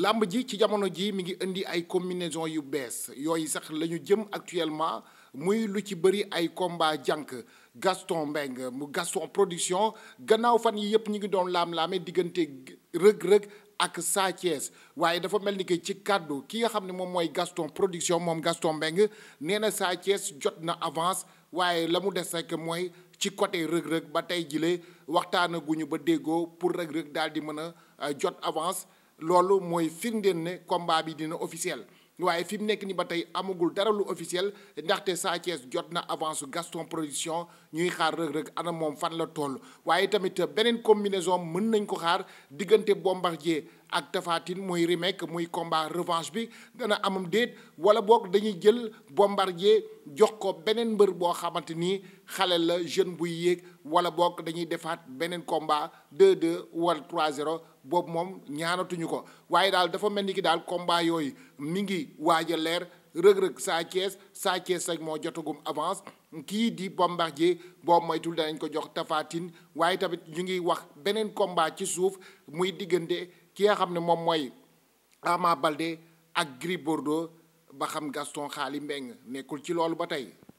làmb ji ci jamono ji mi ngi indi ay combinaison yu bees yooyu sax la ñu jëm actuellement muy lu ci bëri ay combat jànq Gaston Mbengue mu Gaston production gannaaw fan yi yëpp ñu ngi doon laam-laame diggante rëg-rëg ak Sa Thiès waaye dafa mel ni que ci kàddu ki nga xam ne moom mooy Gaston production moom Gaston Mbengue nee na Sa jot na avance waaye la mu des rek mooy ci côté rëg-rëg ba tey jile waxtaanaguñu ba déggoo pour rëg-rëg daal di mën a euh, jot avance loolu mooy firndeel ne combat bi dina officiel waaye fi mu nekk ni ba tey amagul dara lu officiel ndaxte Sa Thiès jot na avance Gaston Production ñuy xaar Reug Reug ana moom fan la toll waaye tamit beneen combinaison mën nañ ko xaar diggante Bombardier ak Tapha Tine muy remake muy combat revanche bi dana amam déet wala boog dañuy jël Bombardier jox ko beneen mbër boo xamante ni xale la jeune buy yéeg wala boog dañuy defaat beneen combat 2-2 wala 3-0 boobu moom ñaanatuñu ko waaye daal dafa mel ni ki daal combat yooyu mi ngi waaj a leer rëg-rëg Sa Thiès Sa Thiès rek moo jotagum avance kii di Bombardier boobu moytul danañ ko jox Tapha waaye tamit ñu ngi wax beneen combat ci suuf muy diggante ki nga xam ne moom mooy Ama Baldé ak Gris Bordeaux ba xam Gaston Xaali Mbeng nekkul ci loolu ba tey